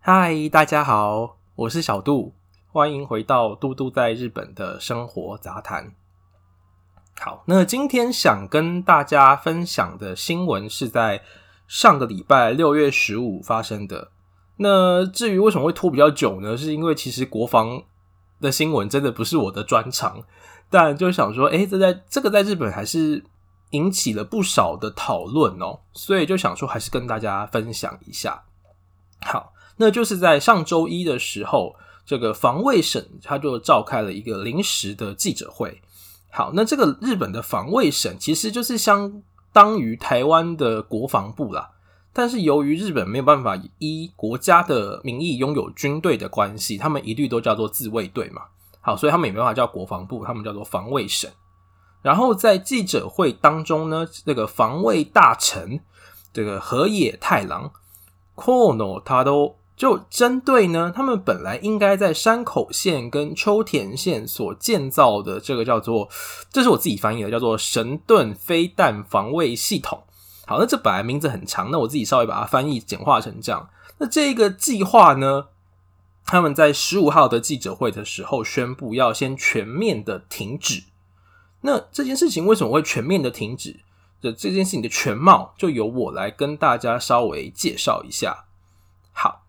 嗨，Hi, 大家好，我是小杜，歡迎回到《嘟嘟在日本的生活雜談》。好，那今天想跟大家分享的新聞是在上個禮拜六月十五發生的。那至於為什麼會拖比較久呢？是因為其實國防的新聞真的不是我的專長。但就想說，哎、欸，這在這個在日本還是引起了不少的討論哦，所以就想說，還是跟大家分享一下。好，那就是在上周一的時候，這個防衛省他就召開了一個臨時的記者會。好，那這個日本的防衛省其實就是相當於台灣的國防部啦，但是由於日本沒有辦法以國家的名義擁有軍隊的關係，他們一律都叫做自衛隊嘛。好，所以他們也沒有辦法叫國防部，他們叫做防衛省。然後在記者會當中呢，那、這個防衛大臣這個河野太郎 Kono 他都就針對呢，他們本來應該在山口縣跟秋田縣所建造的這個叫做，這是我自己翻譯的，叫做神盾飛彈防衛系統。好，那這本來名字很長，那我自己稍微把它翻譯簡化成這樣。那這個計劃呢？他們在十五號的記者會的時候宣布要先全面的停止。那這件事情為什麼會全面的停止？這這件事情的全貌就由我來跟大家稍微介紹一下。好，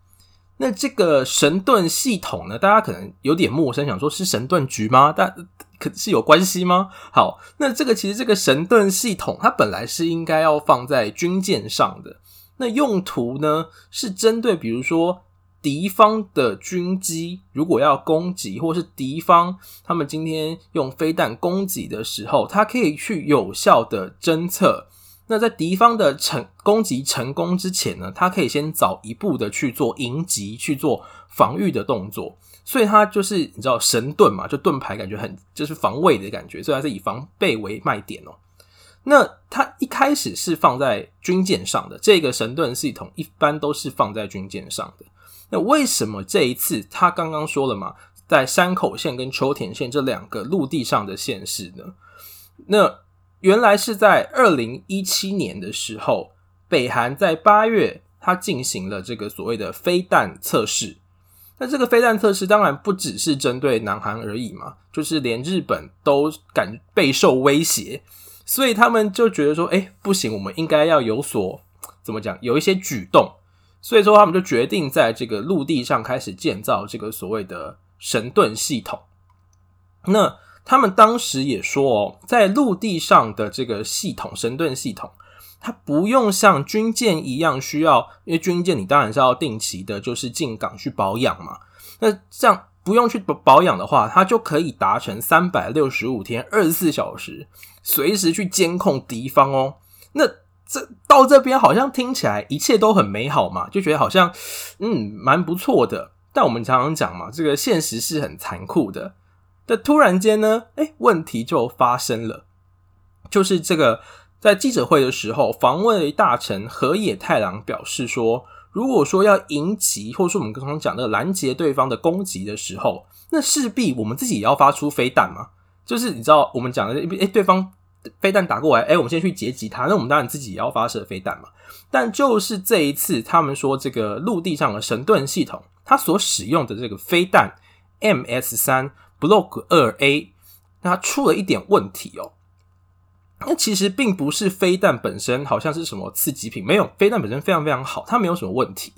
那這個神盾系統呢，大家可能有點陌生，想說是神盾局嗎？但可是有關係嗎？好，那這個其實這個神盾系統它本來是應該要放在軍艦上的，那用途呢是針對比如說。敵方的軍機如果要攻擊，或是敵方他們今天用飛彈攻擊的時候，它可以去有效的偵測。那在敵方的成攻擊成功之前呢，它可以先早一步的去做迎擊、去做防禦的動作。所以它就是你知道神盾嘛，就盾牌感覺很就是防衛的感覺，所以它是以防備為賣點哦、喔。那它一開始是放在軍艦上的，這個神盾系統一般都是放在軍艦上的。那為什麼這一次他剛剛說了嘛，在山口縣跟秋田縣這兩個陸地上的縣市呢？那原來是在二零一七年的時候，北韓在八月他進行了這個所謂的飛彈測試。那這個飛彈測試當然不只是針對南韓而已嘛，就是連日本都感備受威脅，所以他們就覺得說，哎、欸，不行，我們應該要有所，怎麼講，有一些舉動。所以說，他們就決定在這個陸地上開始建造這個所謂的神盾系統。那他們當時也說哦，在陸地上的這個系統——神盾系統，它不用像軍艦一樣需要，因為軍艦你當然是要定期的，就是進港去保養嘛。那這樣不用去保保養的話，它就可以達成三百六十五天、二十四小時隨時去監控敵方哦。那這到這邊好像聽起來一切都很美好嘛，就覺得好像嗯蠻不錯的。但我們常常講嘛，這個現實是很殘酷的。但突然間呢，哎、欸，問題就發生了，就是這個在記者會的時候，防衛大臣河野太郎表示說，如果說要迎擊或者說我們剛剛講那個攔截對方的攻擊的時候，那勢必我們自己也要發出飛彈嘛。就是你知道我們講的哎、欸，對方。飛彈打過來，哎、欸，我們先去截擊它。那我們當然自己也要發射飛彈嘛。但就是這一次，他們說這個陸地上的神盾系統，它所使用的這個飛彈 MS 三 Block 二 A，那它出了一點問題哦、喔。那其實並不是飛彈本身，好像是什麼次級品，沒有，飛彈本身非常非常好，它沒有什麼問題。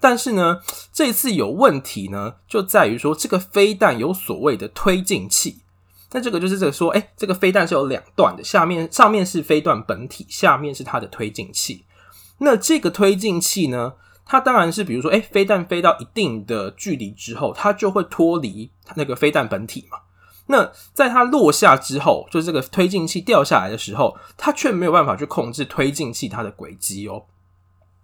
但是呢，這一次有問題呢，就在於說這個飛彈有所謂的推進器。那這個就是這個說，哎、欸，這個飛彈是有兩段的，下面，上面是飛彈本體，下面是它的推進器。那這個推進器呢，它當然是比如說，哎、欸，飛彈飛到一定的距離之後，它就會脫離那個飛彈本體嘛。那在它落下之後，就是這個推進器掉下來的時候，它卻沒有辦法去控制推進器它的軌跡哦。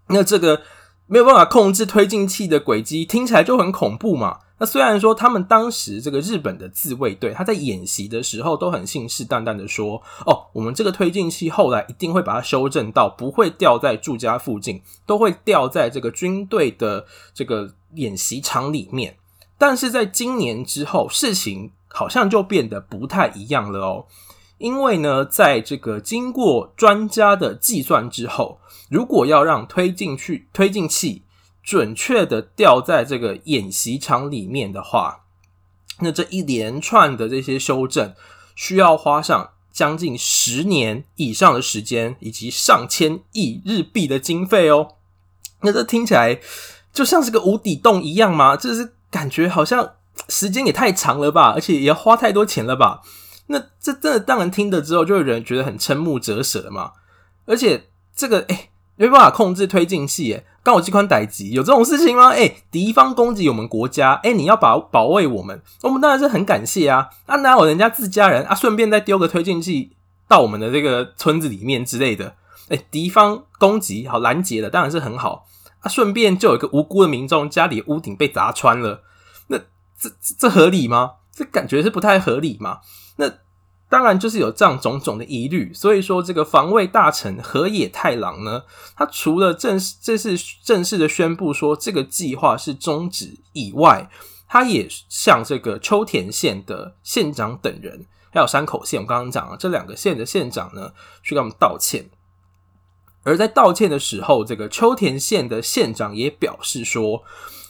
那這個沒有辦法控制推進器的軌跡，聽起來就很恐怖嘛。那雖然說他們當時這個日本的自衛隊，他在演習的時候都很信誓旦旦的說：“哦，我們這個推進器後來一定會把它修正到不會掉在住家附近，都會掉在這個軍隊的這個演習場裡面。”但是，在今年之後，事情好像就變得不太一樣了哦。因為呢，在這個經過專家的計算之後，如果要讓推進去推進器。準確的掉在這個演習場裡面的話，那這一連串的這些修正需要花上將近十年以上的時間，以及上千億日幣的經費哦、喔。那這聽起來就像是個無底洞一樣嗎？就是感覺好像時間也太長了吧，而且也花太多錢了吧？那這真的讓人聽了之後就有人覺得很瞠目結舌嘛。而且這個誒、欸沒辦法控制推進器，哎，剛好擊款打擊，有這種事情嗎？哎、欸，敵方攻擊我們國家，哎、欸，你要保，保衛我們，我們當然是很感謝啊。啊，哪有人家自家人啊？順便再丟個推進器到我們的這個村子裡面之類的。哎、欸，敵方攻擊好攔截了，當然是很好啊。順便就有一個無辜的民眾家裡屋頂被砸穿了，那這這合理嗎？這感覺是不太合理嘛？那。當然，就是有這樣種種的疑慮，所以說這個防衛大臣河野太郎呢，他除了正式正式、正式的宣布說這個計劃是終止以外，他也向這個秋田縣的縣長等人，還有山口縣，我剛剛講了這兩個縣的縣長呢，去跟我們道歉。而在道歉的時候，這個秋田縣的縣長也表示說，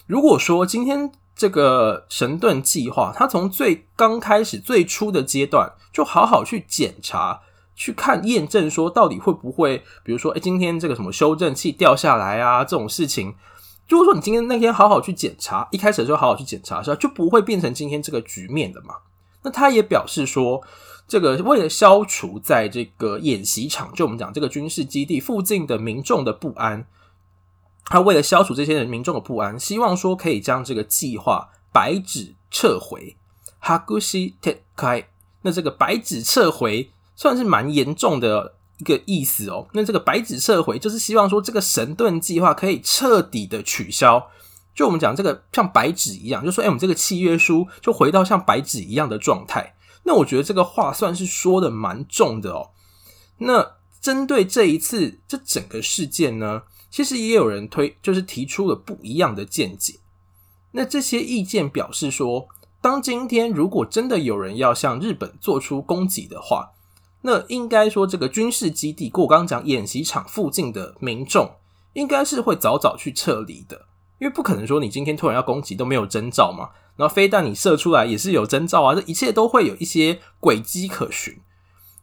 如果說今天。這個神盾計劃，他從最剛開始最初的階段，就好好去檢查，去看驗證，說到底會不會，比如說，誒，今天這個什麼修正器掉下來啊，這種事情，如果說你今天那天好好去檢查，一開始就好好去檢查，是吧，就不會變成今天這個局面的嘛。那他也表示說，這個為了消除在這個演習場，就我們講這個軍事基地附近的民眾的不安。他為了消除這些人民眾的不安，希望說可以將這個計劃白紙撤回，哈古西貼開。那這個白紙撤回算是蠻嚴重的一個意思哦。那這個白紙撤回就是希望說這個神盾計劃可以徹底的取消。就我們講這個像白紙一樣，就說誒我們這個契約書就回到像白紙一樣的狀態。那我覺得這個話算是說得蠻重的哦。那針對這一次這整個事件呢，其實也有人推，就是提出了不一樣的見解。那這些意見表示說，當今天如果真的有人要向日本做出攻擊的話，那應該說這個軍事基地，過我剛講演習場附近的民眾，應該是會早早去撤離的，因為不可能說你今天突然要攻擊都沒有徵兆嘛。然後飛彈你射出來也是有徵兆啊，這一切都會有一些軌跡可循。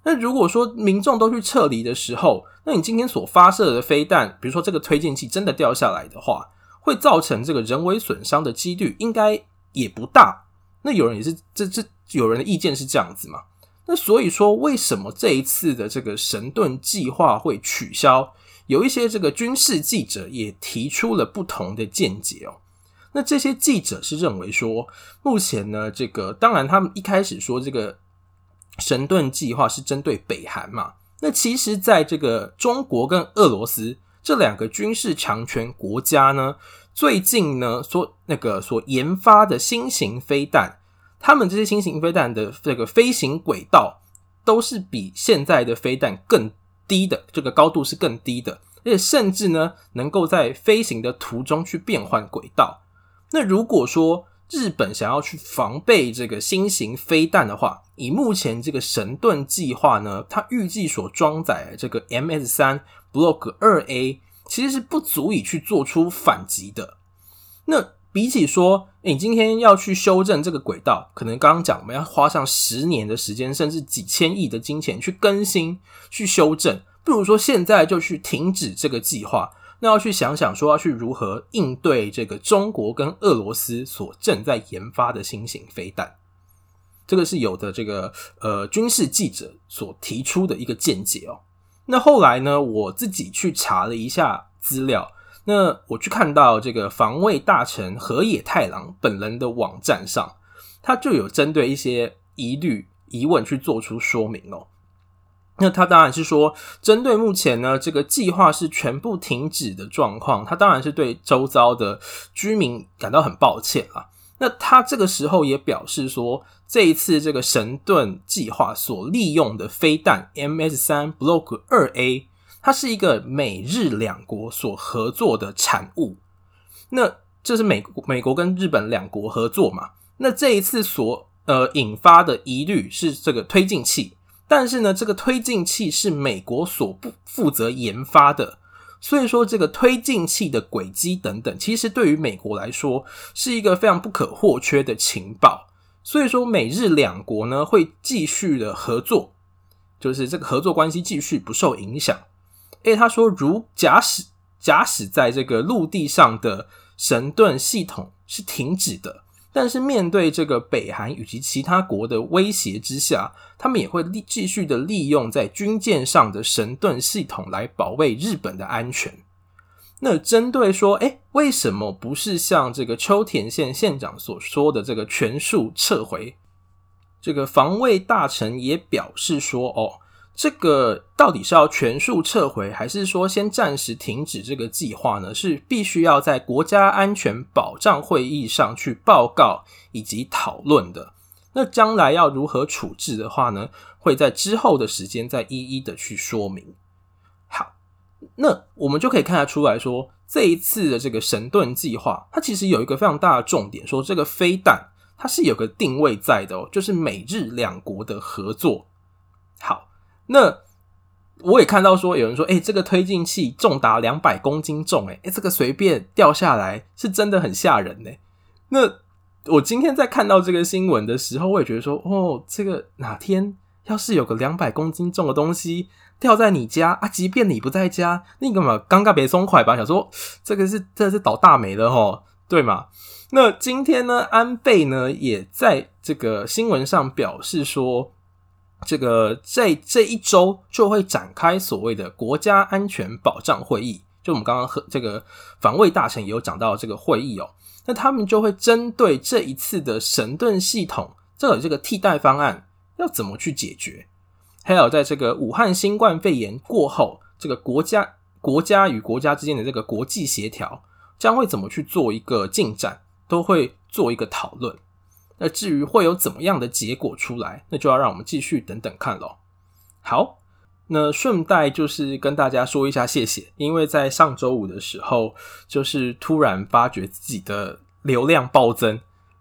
那如果說民眾都去撤離的時候，那你今天所發射的飛彈，比如說這個推進器真的掉下來的話，會造成這個人為損傷的幾率應該也不大。那有人也是，這這有人的意見是這樣子嘛？那所以說，為什麼這一次的這個神盾計劃會取消？有一些這個軍事記者也提出了不同的見解哦。那這些記者是認為說，目前呢，這個當然他們一開始說這個。神盾計劃是針對北韓嘛？那其實，在這個中國跟俄羅斯這兩個軍事強權國家呢，最近呢，所那個所研發的新型飛彈，他們這些新型飛彈的這個飛行軌道都是比現在的飛彈更低的，這個高度是更低的，而且甚至呢，能夠在飛行的途中去變換軌道。那如果說，日本想要去防備這個新型飛彈的話，以目前這個神盾計劃呢，它預計所裝載的這個 MS3 Block 2A 其實是不足以去做出反擊的。那比起說，欸，你今天要去修正這個軌道，可能剛剛講我們要花上十年的時間，甚至幾千億的金錢去更新、去修正，不如說現在就去停止這個計劃。那要去想想，說要去如何應對這個中國跟俄羅斯所正在研發的新型飛彈，這個是有的。這個呃，軍事記者所提出的一個見解哦。那後來呢，我自己去查了一下資料，那我去看到這個防衛大臣河野太郎本人的網站上，他就有針對一些疑慮疑問去做出說明哦。那他當然是說，針對目前呢這個計劃是全部停止的狀況，他當然是對周遭的居民感到很抱歉啊，那他這個時候也表示說，這一次這個神盾計劃所利用的飛彈 M S 三 Block 二 A，它是一個美日兩國所合作的產物。那這是美美國跟日本兩國合作嘛。那這一次所呃引發的疑慮是這個推進器。但是呢，這個推進器是美國所不負責研發的，所以說這個推進器的軌跡等等，其實對於美國來說是一個非常不可或缺的情報。所以說，美日兩國呢會繼續的合作，就是這個合作關係繼續不受影響。哎、欸，他說，如假使假使在這個陸地上的神盾系統是停止的。但是面對這個北韓以及其他國的威脅之下，他們也會繼續的利用在軍艦上的神盾系統來保衛日本的安全。那針對說，誒，為什麼不是像這個秋田縣縣長所說的這個全數撤回？這個防衛大臣也表示說，哦。這個到底是要全數撤回，還是說先暫時停止這個計劃呢？是必須要在國家安全保障會議上去報告以及討論的。那將來要如何處置的話呢？會在之後的時間再一一的去說明。好，那我們就可以看得出來說，這一次的這個神盾計劃，它其實有一個非常大的重點，說這個飛彈它是有個定位在的哦，就是美日兩國的合作。好。那我也看到說有人說，哎、欸，這個推進器重達兩百公斤重、欸，哎、欸，這個隨便掉下來是真的很嚇人呢、欸。那我今天在看到這個新聞的時候，我也覺得說，哦，這個哪天要是有個兩百公斤重的東西掉在你家啊，即便你不在家，那幹嘛尷尬別鬆快吧？想說這個是這個、是倒大霉了哈，對嘛？那今天呢，安倍呢也在這個新聞上表示說。這個這這一週就會展開所謂的國家安全保障會議，就我們剛剛和這個防衛大臣也有講到這個會議哦。那他們就會針對這一次的神盾系統，這個這個替代方案要怎麼去解決，還有在這個武漢新冠肺炎過後，這個國家國家與國家之間的這個國際協調將會怎麼去做一個進展，都會做一個討論。那至於會有怎麼樣的結果出來，那就要讓我們繼續等等看咯。好，那順帶就是跟大家說一下謝謝，因為在上週五的時候，就是突然發覺自己的流量暴增，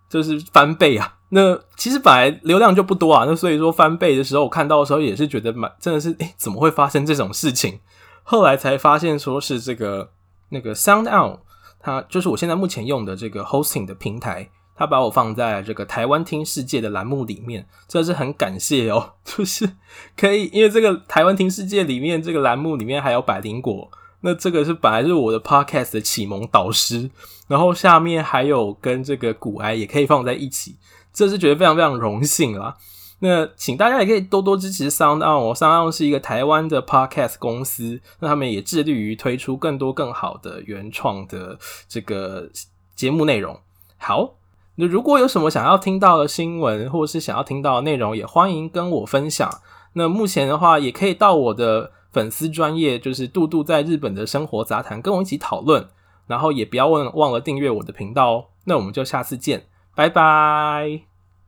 就是翻倍啊。那其實本來流量就不多啊，那所以說翻倍的時候，我看到的時候也是覺得蠻真的是，欸，怎麼會發生這種事情？後來才發現說是這個那個 Sound Out 它，就是我現在目前用的這個 hosting 的平台。他把我放在這個台灣聽世界的欄目裡面，這是很感謝哦、喔。就是可以，因為這個台灣聽世界裡面這個欄目裡面還有百靈果，那這個是本來是我的 podcast 的啟蒙導師，然後下面還有跟這個股癌也可以放在一起，這是覺得非常非常榮幸啦。那請大家也可以多多支持 Sound On，Sound On、哦、我 Sound On 是一個台灣的 podcast 公司，那他們也致力於推出更多更好的原創的這個節目內容。好。那如果有什麼想要聽到的新聞，或者是想要聽到的內容，也歡迎跟我分享。那目前的話，也可以到我的粉絲專業，就是度度在日本的生活雜談，跟我一起討論。然後也不要忘忘了訂閱我的頻道哦、喔。那我們就下次見，拜拜。